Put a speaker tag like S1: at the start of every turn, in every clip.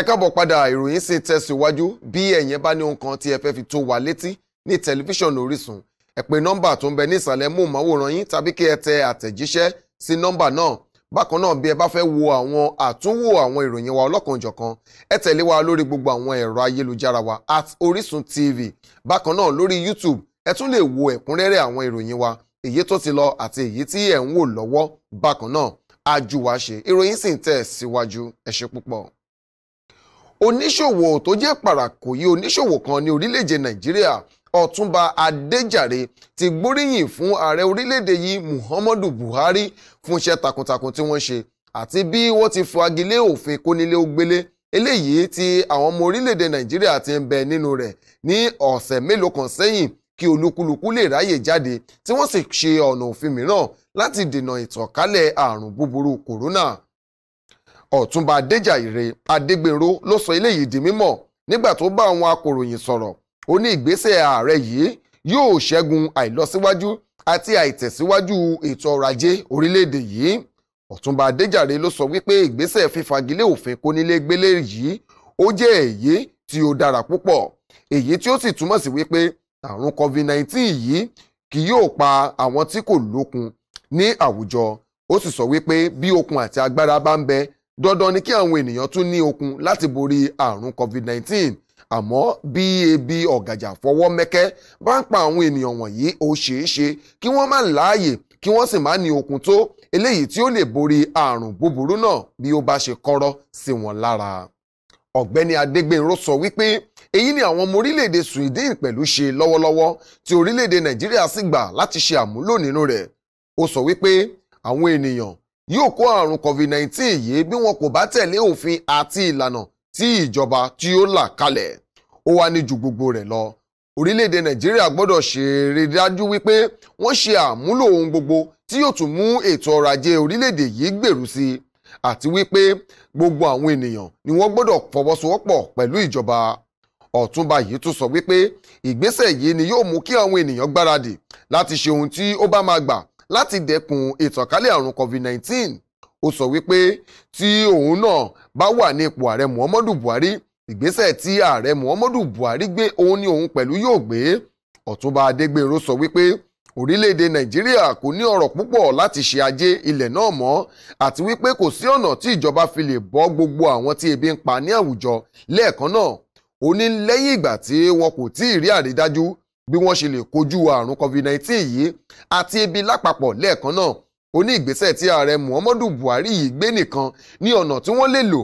S1: ẹ káàbọ̀ padà ìròyìn sì tẹ̀síwájú bí ẹ̀yin bá ní ohun kan tí ẹ fẹ́ fi tó wa létí ní tẹlifíṣàn Orísun ẹ pè nọ́mbà tó ń bẹ ní ìsàlẹ̀ móhùnmáwòrán yín tàbí kí ẹ tẹ àtẹ̀jíṣẹ́ sí nọ́mbà náà bákan náà bí ẹ bá fẹ́ wo àwọn àtúnwò àwọn ìròyìn wa ọlọ́kanòjọ̀kan ẹ tẹ̀lé wa lórí gbogbo àwọn ẹ̀rọ ayélujára wa at Orísun TV bákan náà lórí YouTube ẹ tún lè wo ẹ̀kúnrẹ́rẹ́ àwọn ìròyìn wa èyí tó ti lọ àti èyí tí ẹ̀ ń wò lọ́wọ́ bákan náà ajú wa ṣe ìròyìn sì ń tẹ̀ síwájú ẹ ṣé púpọ̀ oníṣòwò tó jẹ́ pàràkòyí oníṣòwò kan ní orílẹ̀-èdè nàìjíríà ọ̀túnba adéjàre ti gbóríyìn fún ààrẹ orílẹ̀-èdè yìí muhammadu buhari fún iṣẹ́ takuntakun tí wọ́n ṣe àti bí wọ́n ti fagilé òfin kónílé-ó-gbélé eléyìí tí àwọn ọmọ orílẹ̀-èdè nàìjíríà ti ń bẹ nínú rẹ̀ ní ọ̀sẹ̀ mélòó kan sẹ́yìn kí olúkúlùkù lè ráyè jáde tí wọ́n sì ṣe ọ̀nà òfin mìíràn láti dènà ìtànkálẹ̀ àrùn búburú kòrónà ọ̀túnba adéjàre adégbèrò ló sọ eléyìí di mímọ̀ nígbà tó bá àwọn akòròyìn sọ̀rọ̀ ó ní ìgbésẹ̀ ààrẹ yìí yóò ṣẹ́gun àìlọsíwájú àti àìtẹ̀síwájú ètò ọrọ̀ ajé orílẹ̀-èdè yìí ọ̀túnba adéjàre ló sọ wípé ìgbésẹ̀ fífagilé òfin kónílégbélé yìí ó jẹ́ èyí tí ó dára púpọ̀ èyí tí ó sì túmọ̀ sí wípé àrùn covid-19 yìí kì yóò pa àwọn tí kò lókun ní àwùjọ ó sì sọ wípé bí okun àti agbára bá ń bẹ dandan ni kí àwọn ènìyàn tún ní okun láti borí àrùn covid-19 àmọ́ bí ebi ọ̀gàjà fọwọ́ mẹ́kẹ́ bá ń pa àwọn ènìyàn wọ̀nyí ó ṣeé ṣe kí wọ́n má láàyè kí wọ́n sì má ní okun tó eléyìí tí ó lè borí àrùn búburú náà bí ó bá ṣe kọ́rọ́ sí wọn lára. Ọ̀gbẹ́ni Adégbènró sọ wípé èyí ni àwọn ọmọ orílẹ̀-èdè Sweden pẹ̀lú ṣe lọ́wọ́lọ́wọ́ tí orílẹ̀-èdè Nàìjíríà sì gbà láti ṣe àmúlò nínú rẹ̀. Ó sọ wípé àwọn ènìyàn yóò kó àrùn covid-19 yìí bí wọn kò bá tẹ̀lé òfin àti ìlànà tí ìjọba tí ó là kalẹ̀ ó wá ní ju gbogbo rẹ̀ lọ orílẹ̀-èdè nàìjíríà gbọ́dọ̀ ṣèrè dájú wípé wọ́n ṣe àmúlò ohun gbogbo tí yóò tún mú ètò ọrọ̀ ajé orílẹ̀-èdè yìí gbèrú sí i àti wípé gbogbo àwọn ènìyàn ni wọ́n gbọ́dọ̀ fọwọ́sowọ́pọ̀ pẹ̀lú ìjọba ọ̀túnba yìí tún sọ wípé ìgbésẹ̀ yìí ni yóò mú kí àwọn ènìyàn gbáradì láti ṣe ohun tí ó bá máa gbà láti dẹkùn ìtànkálẹ̀ àrùn covid-19 ó sọ wípé tí òun náà bá wà ní ipò ààrẹ muhammadu buhari ìgbésẹ̀ tí ààrẹ muhammadu buhari gbé òun ni òun pẹ̀lú yóò gbé ọ̀túnba adégbèrò sọ wípé orílẹ̀-èdè nàìjíríà kò ní ọ̀rọ̀ púpọ̀ láti ṣe ajé ilẹ̀ náà mọ́ àti wípé kò sí ọ̀nà tí ìjọba fi lè bọ́ gbogbo àwọn tí ebi ń pa ní àwùjọ lẹ́ẹ̀kan náà ó ní lẹ́yìn ìgbà tí wọn kò tí ì rí àrídájú bí wọ́n ṣe lè kojú àrùn covid-19 yìí àti ebi lápapọ̀ lẹ́ẹ̀kan náà ó ní ìgbésẹ̀ tí ààrẹ muhammadu buhari yìí gbé nìkan ní ọ̀nà tí wọ́n lè lò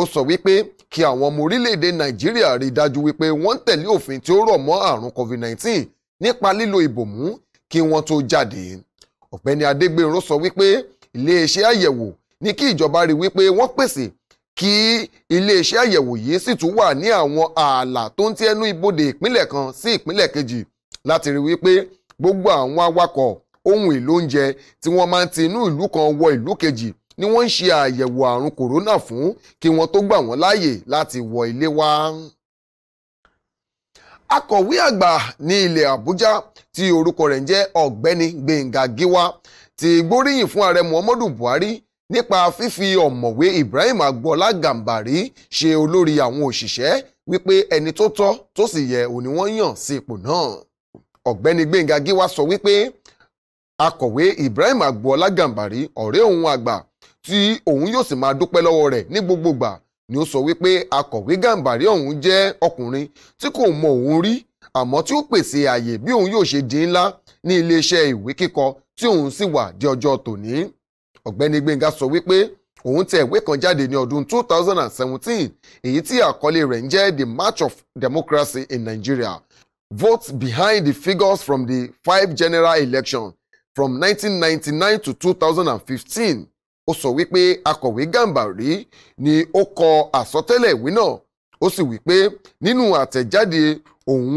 S1: ó sọ wípé kí àwọn ọmọ orílẹ̀-èdè nàìjíríà rí dájú wípé wọ́n ń tẹ̀lé òfin tí ó rọ̀ mọ́ àrùn covid-19 nípa lílo ìbòmú kí wọ́n tó jáde ọ̀gbẹ́ni adégbèrò sọ wípé iléeṣẹ́ àyẹ̀wò ní kí ìjọba rí wípé wọ́n pèsè kí iléeṣẹ́ àyẹ̀wò yìí sì tún wà ní àwọn ààlà tó ń ti ibodè ìpínlẹ̀ kan sí ìpínlẹ̀ kejì láti rí wípé gbogbo àwọn awakọ̀ ohun èlò oúnjẹ tí wọ́n máa ń ti inú ìlú kan wọ ìlú kejì ni wọ́n ń ṣe àyẹ̀wò àrùn kòrónà fún kí wọ́n tó gbà wọ́n láàyè láti wọ ilé wa. akọ̀wé àgbà ní ilẹ̀ Àbújá tí orúkọ rẹ̀ ń jẹ́ ọ̀gbẹ́ni Gbẹ̀ngà Gíwá ti gbóríyìn fún ààrẹ Muhammadu Buhari nípa fífi ọ̀mọ̀wé Ibrahim Agboola Gàmbàrí ṣe olórí àwọn òṣìṣẹ́ wípé ẹni tó tọ́ tó sì yẹ òní wọ́n yàn sí ipò náà ọ̀gbẹ́ni Gbẹ́ngà Gíwá sọ wípé akọ̀wé Ibrahim Agboola Gàmbàrí ọ̀rẹ́ òun àgbà tí òun yóò sì máa dúpẹ́ lọ́wọ́ rẹ̀ ní gbogbo gbà ni ó sọ wípé akọ̀wé Gàmbàrí ọ̀hún jẹ́ ọkùnrin tí kò mọ òun rí àmọ́ tí ó pèsè àyè bí òun yóò ṣe di ńlá ní iléeṣẹ́ ìwé kíkọ tí òun sì wà di ọjọ́ tòní ọ̀gbẹ́ni gbẹ̀ngà sọ wípé òun tẹ ìwé kan jáde ní ọdún 2017 èyí tí àkọlé rẹ̀ ń jẹ́ the march of democracy in nigeria votes behind the figures from the five general election from 1999 to 2015 ó sọ wípé akọ̀wé gàǹbàrí ni ó kọ àsọtẹ́lẹ̀ ìwé náà ó sì wípé nínú àtẹ̀jáde òun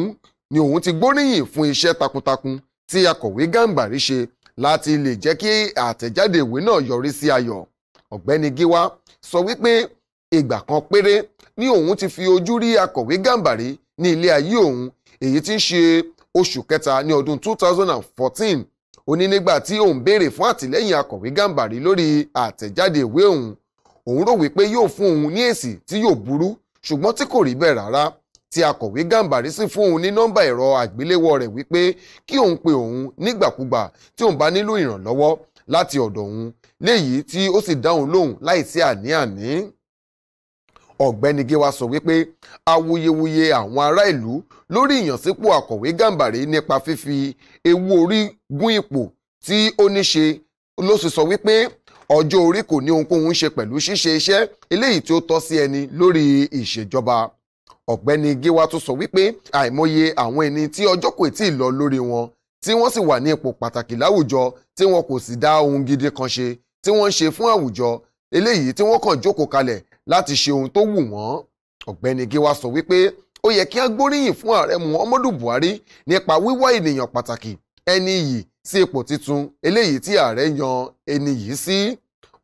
S1: ni òun ti gbóríyìn fún iṣẹ́ takuntakun tí akọ̀wé gàǹbàrí ṣe láti lè jẹ́ kí àtẹ̀jáde ìwé náà yọrí sí ayọ̀ ọ̀gbẹ́ni Gíwá sọ wípé ìgbà kan péré ni òun ti fi ojú rí akọ̀wé Gàmbàrí ní ilé ayé òun èyí tí ń ṣe oṣù kẹta ní ọdún 2014 ó ní nígbà tí òun béèrè fún àtìlẹ́yìn akọ̀wé Gàmbàrí lórí àtẹ̀jáde ìwé òun òun rò wípé yóò fún òun ní èsì tí yóò burú ṣùgbọ́n tí kò rí bẹ́ẹ̀ rárá tí akọ̀wé Gàǹbàrí sì fún òun ní nọ́mbà ẹ̀rọ àgbéléwò rẹ̀ wípé kí òun pe òun nígbàkúgbà tí òun bá nílò ìrànlọ́wọ́ láti ọ̀dọ̀ òun léyìí tí ó sì dáhùn lóhùn láìsí àní-àní ọ̀gbẹ́ni Gẹ́wà sọ wípé awuyewuye àwọn ará ìlú lórí ìyànsípò akọ̀wé Gàǹbàrí nípa fífi ewu orí gún ipò tí ó ní ṣe ló sì sọ wípé ọjọ́ orí kò ní ohunkóhun ṣe pẹ̀lú ṣíṣe iṣẹ́ eléyìí tí ó tọ́ sí ẹni lórí ìṣèjọba ọ̀gbẹ́ni gíwá tún sọ wípé àìmọye àwọn ẹni tí ọjọ́ kò tí ì lọ lórí wọn tí wọ́n sì wà ní ipò pàtàkì láwùjọ tí wọn kò sì dá ohun gidi kan ṣe tí wọ́n ń ṣe fún àwùjọ eléyìí tí wọ́n kàn jókòó kalẹ̀ láti ṣe ohun tó wù wọ́n ọ̀gbẹ́ni gíwá sọ wípé ó yẹ kí a gbóríyìn fún ààrẹ muhammadu buhari nípa wíwá ènìyàn pàtàkì ẹni yìí sí ipò titun eléyìí tí ààrẹ yan ẹni yìí sí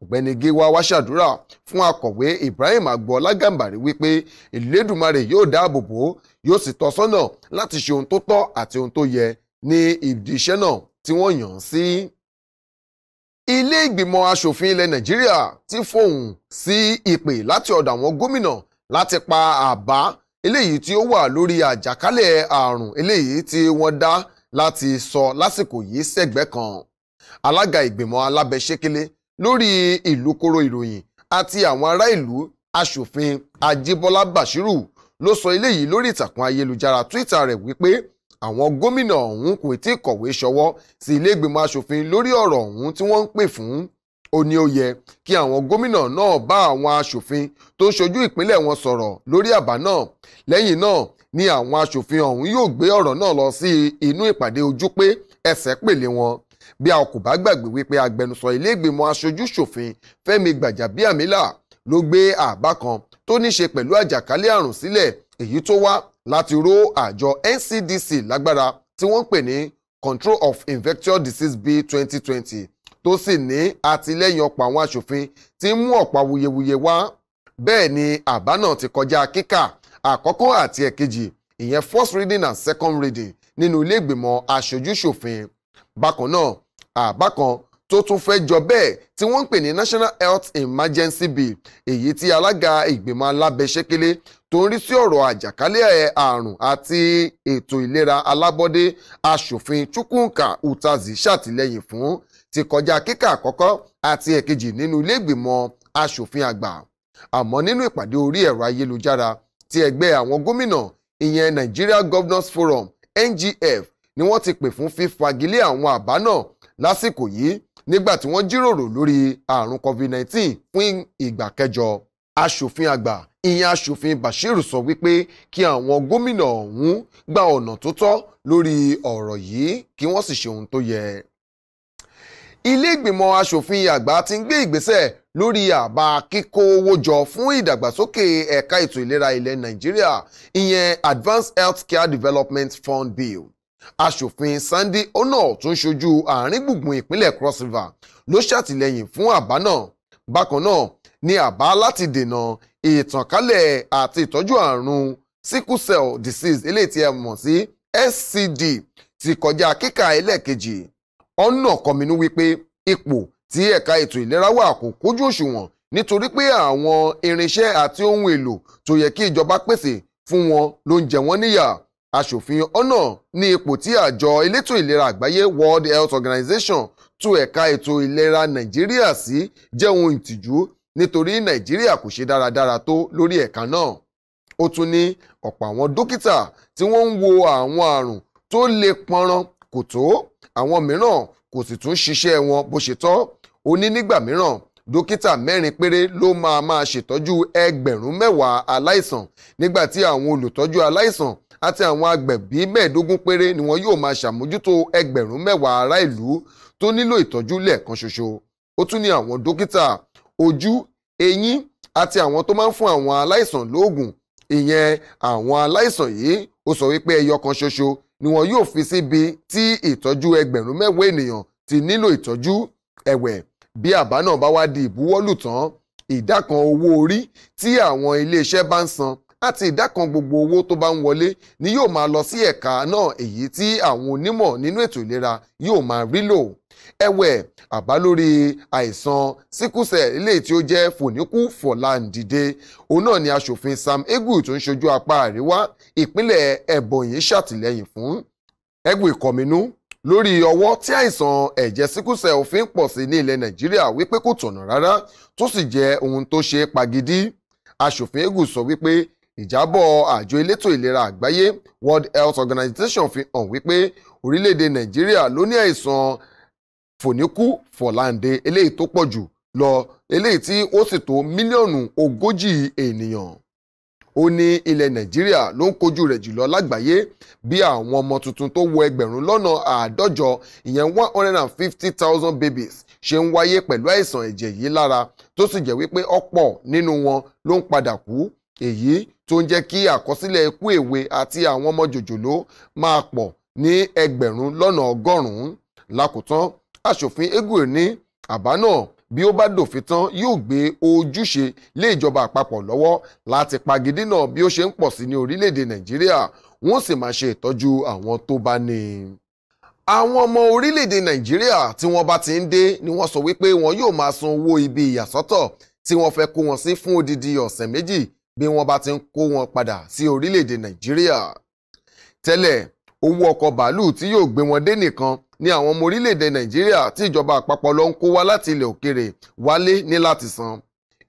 S1: ọ̀gbẹ́ni Gíwá wá ṣàdúrà fún akọ̀wé Ibrahim Agboola Gàmbàrí wípé Elédùmarè yóò dáàbò bò yóò sì tọ́ sọ́nà láti ṣe ohun tó tọ́ àti ohun tó yẹ ní ìdí iṣẹ́ náà tí wọ́n yàn án sí. Ilé ìgbìmọ̀ asòfin ilẹ̀ Nàìjíríà ti fọhùn sí ìpè láti ọ̀dọ̀ àwọn gómìnà láti pa àbá eléyìí tí ó wà lórí àjàkálẹ̀ àrùn eléyìí tí wọ́n dá láti sọ lásìkò yìí sẹ́gbẹ́ kan alága ìgbìmọ̀ alábẹ́sẹ́kẹ́lé lórí ìlúkoro ìròyìn àti àwọn ará ìlú aṣòfin Ajíbọ́lá Bashiru ló sọ eléyìí lórí ìtàkùn ayélujára Twitter rẹ̀ wípé àwọn gómìnà ọ̀hún kò tí ì kọ̀wé ṣọwọ́ sí ilé ìgbìmọ̀ aṣòfin lórí ọ̀rọ̀ ọ̀hún tí wọ́n ń pè fún ó ní ó yẹ kí àwọn gómìnà náà bá àwọn aṣòfin tó ṣojú ìpínlẹ̀ wọn sọ̀rọ̀ lórí àbá náà lẹ́yìn náà ni àwọn aṣòfin ọ̀hún yóò gbé ọ̀rọ̀ náà lọ sí inú ìpàdé ojú pé ẹsẹ̀ pèlè wọn bí a kò bá gbàgbé wípé agbẹnusọ ilé ìgbìmọ̀ aṣojú-ṣòfin Fẹ́mi Gbàjàbíàmílà ló gbé àbá kan tó ní ṣe pẹ̀lú àjàkálẹ̀ àrùn sílẹ̀ èyí tó wá láti ró àjọ NCDC lágbára tí wọ́n ń pè ní Control of Infectious Disease Bill 2020 tó sì ní àtìlẹ́yìn ọ̀pọ̀ àwọn aṣòfin tí ń mú ọ̀pọ̀ awuyewuye wá bẹ́ẹ̀ ni àbá náà ti kọjá kíkà àkọ́kọ́ àti ẹ̀kejì ìyẹn first reading and second reading nínú ilé ìgbìmọ̀ aṣojú-ṣòfin bákan náà àbá kan tó tún fẹ́ jọ bẹ́ẹ̀ tí wọ́n ń pè ní National Health Emergency Bill èyí tí alága ìgbìmọ̀ alábẹ́sẹ́kẹ́lé tó ń rí sí ọ̀rọ̀ àjàkálẹ̀ àrùn àti ètò ìlera alábọ́dé aṣòfin Chukwuka Utazi ṣàtìlẹ́yìn fún ti kọjá kíkà àkọ́kọ́ àti ẹ̀kejì nínú ilé ìgbìmọ̀ aṣòfin àgbà àmọ́ nínú ìpàdé orí ẹ̀rọ ayélujára ti ẹgbẹ́ àwọn gómìnà ìyẹn Nigeria Governors Forum NGF ni wọ́n ti pè fún fífagilé àwọn àbá náà lásìkò yìí nígbà tí wọ́n jíròrò lórí àrùn covid-19 fún ìgbà kẹjọ aṣòfin àgbà ìyẹn aṣòfin Bashir sọ wípé kí àwọn gómìnà ọ̀hún gba ọ̀nà tó tọ́ lórí ọ̀rọ̀ yìí kí wọ́n sì ṣe ohun tó yẹ ilé ìgbìmọ̀ asòfin àgbà ti ń gbé ìgbésẹ̀ lórí àbá kíkó owó jọ fún ìdàgbàsókè ẹ̀ka ètò ìlera ilẹ̀ Nàìjíríà ìyẹn Advanced Health Care Development Fund Bill aṣòfin Sunday Onoo tó ń ṣojú àárín gbùngbùn ìpínlẹ̀ Cross River ló ṣàtìlẹ́yìn fún àbá náà bákan náà ní àbá láti dènà ìtànkálẹ̀ àti ìtọ́jú àrùn sickle cell disease eléyìí tí a mọ̀ sí SCD ti kọjá kíkà ẹlẹ́ẹ̀kejì ọ̀nà kọminú wípé ipò tí ẹ̀ka ètò ìlera wà kò kójú òṣùwọ̀n nítorí pé àwọn irinṣẹ́ àti ohun èlò tó yẹ kí ìjọba pèsè fún wọn ló ń jẹ wọ́n níyà aṣòfin ọ̀nà ní ipò tí àjọ elétò ìlera àgbáyé World Health Organization tú ẹ̀ka ètò ìlera Nàìjíríà sí jẹ́ ohun ìtìjú nítorí Nàìjíríà kò ṣe dáradára tó lórí ẹ̀ka náà ó tún ní ọ̀pọ̀ àwọn dókítà tí wọ́n ń wo àwọn àrùn tó lè pọnran kò tó àwọn mìíràn kò sì tún ṣiṣẹ́ wọn bó ṣe tọ́ ó ní nígbà mìíràn dókítà mẹ́rin péré ló máa máa ṣètọ́jú ẹgbẹ̀rún mẹ́wàá aláìsàn nígbà tí àwọn olùtọ́jú aláìsàn àti àwọn agbẹ̀bí mẹ́ẹ̀ẹ́dógún péré ni wọn yóò máa ṣàmójútó ẹgbẹ̀rún mẹ́wàá ará ìlú tó nílò ìtọ́jú lẹ́ẹ̀kan ṣoṣo ó tún ní àwọn dókítà ojú eyín àti àwọn tó máa ń fún àwọn aláìsàn lóògùn ìyẹn àwọn aláìsàn yìí ó sọ wípé ẹyọ kan ṣoṣo ni wọn yóò fi síbi tí ìtọ́jú ẹgbẹ̀rún mẹ́wàá ènìyàn ti nílò ìtọ́jú ẹ̀wẹ̀ bí àbá náà bá wá di ìbuwọ́lù tán ìdá kan owó orí tí àwọn iléeṣẹ́ bá ń san àti ìdá kan gbogbo owó tó bá ń wọlé ni yóò máa lọ sí ẹ̀ka náà èyí tí àwọn onímọ̀ nínú ètò ìlera yóò máa rí lò ẹ̀wẹ̀ àbá lórí àìsàn síkúsẹ̀ eléyìí tí ó jẹ́ fòníkú fọ̀làǹdìde òun náà ni aṣòfin Sam Egwu tó ń ṣojú apá àríwá ìpínlẹ̀ Ebonyi ṣàtìlẹ́yìn fún Egwu ìkọminú lórí ọwọ́ tí àìsàn ẹ̀jẹ̀ síkúsẹ̀ òfin pọ̀ sí ní ilẹ̀ nàìjíríà wípé kò tọ̀nà rárá tó sì jẹ́ ohun tó ṣe pagidi aṣòfin egu sọ wípé ìjábọ̀ àjọ elétò ìlera àgbáyé World Health Organization fi hàn wípé orílẹ̀-èdè nàìjíríà ló ní àìsàn fòníkú fọ̀láǹde eléyìí tó pọ̀ jù lọ eléyìí tí ó sì tó mílíọ̀nù ogójì ènìyàn ó ní ilẹ̀ nàìjíríà ló ń kojú rẹ̀ jùlọ lágbàáyé bí àwọn ọmọ tuntun tó wọ ẹgbẹ̀rún lọ́nà àádọ́jọ ìyẹn one hundred and fifty thousand babies ṣe ń wáyé pẹ̀lú àìsàn ẹ̀jẹ̀ yìí lára tó sì jẹ́ wípé ọ̀pọ̀ nínú wọn ló ń padà kú èyí tó ń jẹ́ kí àkọsílẹ̀ ikú èwe àti àwọn ọmọ jòjòló máa pọ̀ ní ẹgbẹ̀rún lọ́nà ọgọ́rùn-ún lákòótán aṣòfin egbur ní àbá náà bí ó bá dòfin tán yóò gbé ojúṣe lé ìjọba àpapọ̀ lọ́wọ́ láti pagidínà bí ó ṣe ń pọ̀ sí ní orílẹ̀-èdè nàìjíríà wọ́n sì máa ṣe ìtọ́jú àwọn tó bá ní i àwọn ọmọ orílẹ̀-èdè nàìjíríà tí wọ́n bá ti ń dé ni wọ́n sọ wípé wọn yóò máa san owó ibi ìyàsọ́tọ̀ tí wọ́n fẹ́ kó wọn sí fún odidi ọ̀sẹ̀ méjì bí wọ́n bá ti ń kó wọn padà sí orílẹ̀-èdè nàìjíríà tẹ́lẹ̀ owó ọkọ̀ bàálù tí yóò gbé wọn dé nìkan ni àwọn ọmọ orílẹ̀-èdè nàìjíríà tí ìjọba àpapọ̀ lọ ń kó wá láti ilẹ̀ òkèrè wálé ní láti san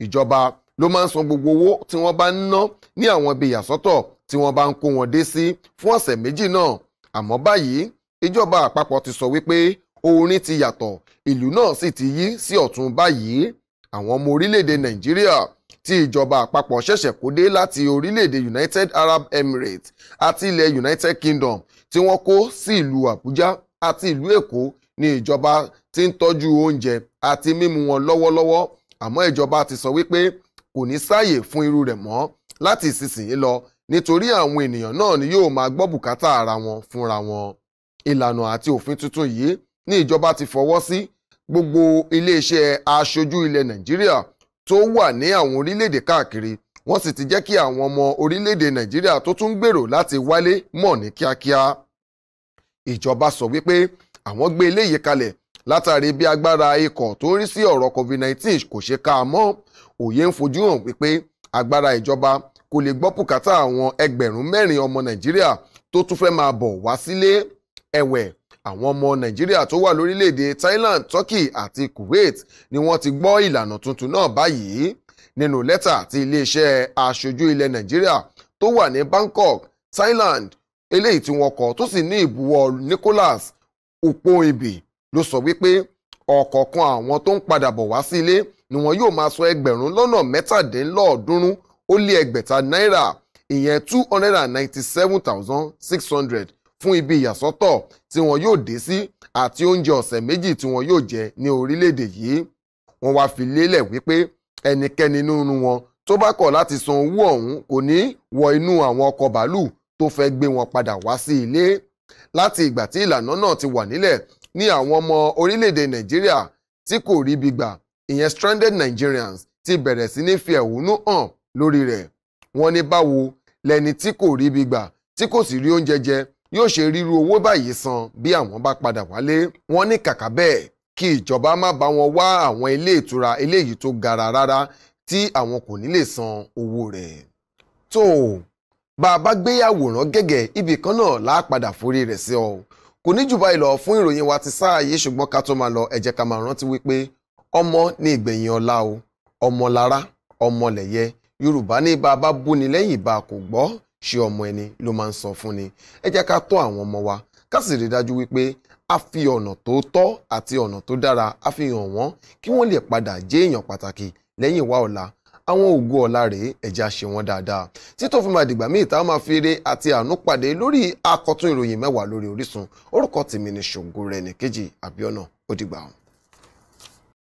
S1: ìjọba ló máa ń san gbogbo owó tí wọ́n bá ń ná ní àwọn ibi ìyàsọ́tọ̀ tí wọ́n bá ń kó wọn dé sí fún ọ̀sẹ̀ méjì náà àmọ́ báyìí ìjọba àpapọ̀ ti sọ wípé orin ti yàtọ̀ ìlú náà sì ti yí sí ọ̀tún báyìí àwọn ọmọ orílẹ̀-èdè nàìjíríà tí ìjọba àpapọ̀ ṣẹ̀ṣẹ̀ kó dé láti orílẹ̀-èdè United Arab Emirates àti ilẹ̀ United Kingdom tí wọ́n kó sí ìlú Àbújá àti ìlú èkó ni ìjọba ti ń tọ́jú oúnjẹ àti mímu wọn lọ́wọ́lọ́wọ́ àmọ́ ìjọba ti sọ wípé kò ní sáàyè fún irú rẹ̀ mọ́ láti ìsinsìnyí lọ nítorí àwọn ènìyàn náà ni yóò máa gbọ́ bùkátà ara wọn fúnra wọn ìlànà àti òfin tuntun yìí ni ìjọba ti fọwọ́ sí gbogbo iléeṣẹ́ aṣojú ilẹ̀ nàìjíríà tó wà ní àwọn orílẹ̀-èdè káàkiri wọ́n sì ti jẹ́ kí àwọn ọmọ orílẹ̀-èdè nàìjíríà tó tún gbèrò láti wálé mọ̀ ní kíákíá ìjọba sọ wípé àwọn gbé eléyìí kalẹ̀ látàrí bí agbára ikọ̀ tó ń rí sí ọ̀rọ̀ covid-19 kò ṣe ká a mọ́ òye ń fojú hàn wípé agbára ìjọba kò lè gbọ́ bùkátà àwọn ẹgbẹ̀rún mẹ́rin ọmọ nàìjíríà tó tún fẹ́ máa bọ̀ wá sílé ẹ̀wẹ̀ àwọn ọmọ nàìjíríà tó wà lórílẹ̀‐èdè thailand turkey àti kuwait ni wọ́n ti gbọ́ ìlànà tuntun náà báyìí nínú lẹ́tà tí iléeṣẹ́ aṣojú ilẹ̀ nàìjíríà tó wà ní bangkok thailand eléyìí tí wọ́n kọ tó sì ní ìbuwọ́ Nicholas Ukpoibi ló sọ wípé ọ̀kọ̀ọ̀kan àwọn tó ń padà bọ̀ wá sí ilé ni wọn yóò máa san ẹgbẹ̀rún lọ́nà mẹ́tàdínlọ́ọ̀ọ́dúnrún ó lé ẹgbẹ̀ta náírà ìyẹn two hundred and ninety-seven thousand six hundred fún ibi ìyàsọ́tọ̀ tí wọn yóò dé sí àti oúnjẹ ọ̀sẹ̀ méjì tí wọn yóò jẹ ní orílẹ̀-èdè yìí wọ́n wá fi lélẹ̀ wípé ẹnikẹ́ni nínú wọn tó bá kọ̀ láti san owó ọ̀hún kò ní wọ inú àwọn ọkọ̀ bàálù tó fẹ́ gbé wọn padà wá sí ilé láti ìgbà tí ìlànà náà ti wà nílẹ̀ ní àwọn ọmọ orílẹ̀-èdè nàìjíríà tí kò rí ibi gbà ìyẹn stranded nigerians ti bẹ̀rẹ̀ sí ní fi ẹ̀hónú hàn lórí rẹ̀ wọ́n ní báwo lẹni tí kò rí ibi gbà tí kò sì rí oúnjẹ jẹ yóò ṣe ríru owó báyìí san bí àwọn bá padà wálé wọ́n ní kàkà bẹ́ẹ̀ kí ìjọba má bá wọn wá àwọn ilé ìtura eléyìí tó gara rárá tí àwọn kò ní lè san owó rẹ̀. tó o bá a bá gbé àwòrán gẹ́gẹ́ ibì kan náà láà padà forí rẹ̀ sí ọ kò ní jù báyìí lọ fún ìròyìn wa ti sáà yìí ṣùgbọ́n ká tó máa lọ ẹ jẹ́ ká máa rántí wípé ọmọ ní ìgbẹ̀yìn ọlá o ọmọ lára ọmọ lẹ̀yẹ yorùbá ní bá búni lẹ́yìn bá kò gbọ́ ṣe ọmọ ẹni ló máa ń sọ fún ni ẹ jẹ́ ká tọ́ àwọn ọmọ wa ká sì rí dájú wípé a fi ọ̀nà tó tọ́ àti ọ̀nà tó dára a fi hàn wọ́n kí wọ́n lè padà jẹ́ èèyàn pàtàkì lẹ́yìn wa ọ̀la àwọn ògo ọ̀la rèé ẹ̀já ṣe wọ́n dáadáa títò fún ma dìgbà míì táwọn máa fi eré àti àánú pàdé lórí akọ̀tún ìròyìn mẹ́wàá lórí Orísun orúkọ tèmi ni ṣògo rẹ̀ nìkejì àbíọ́nà ó dìgbà ọ̀hún.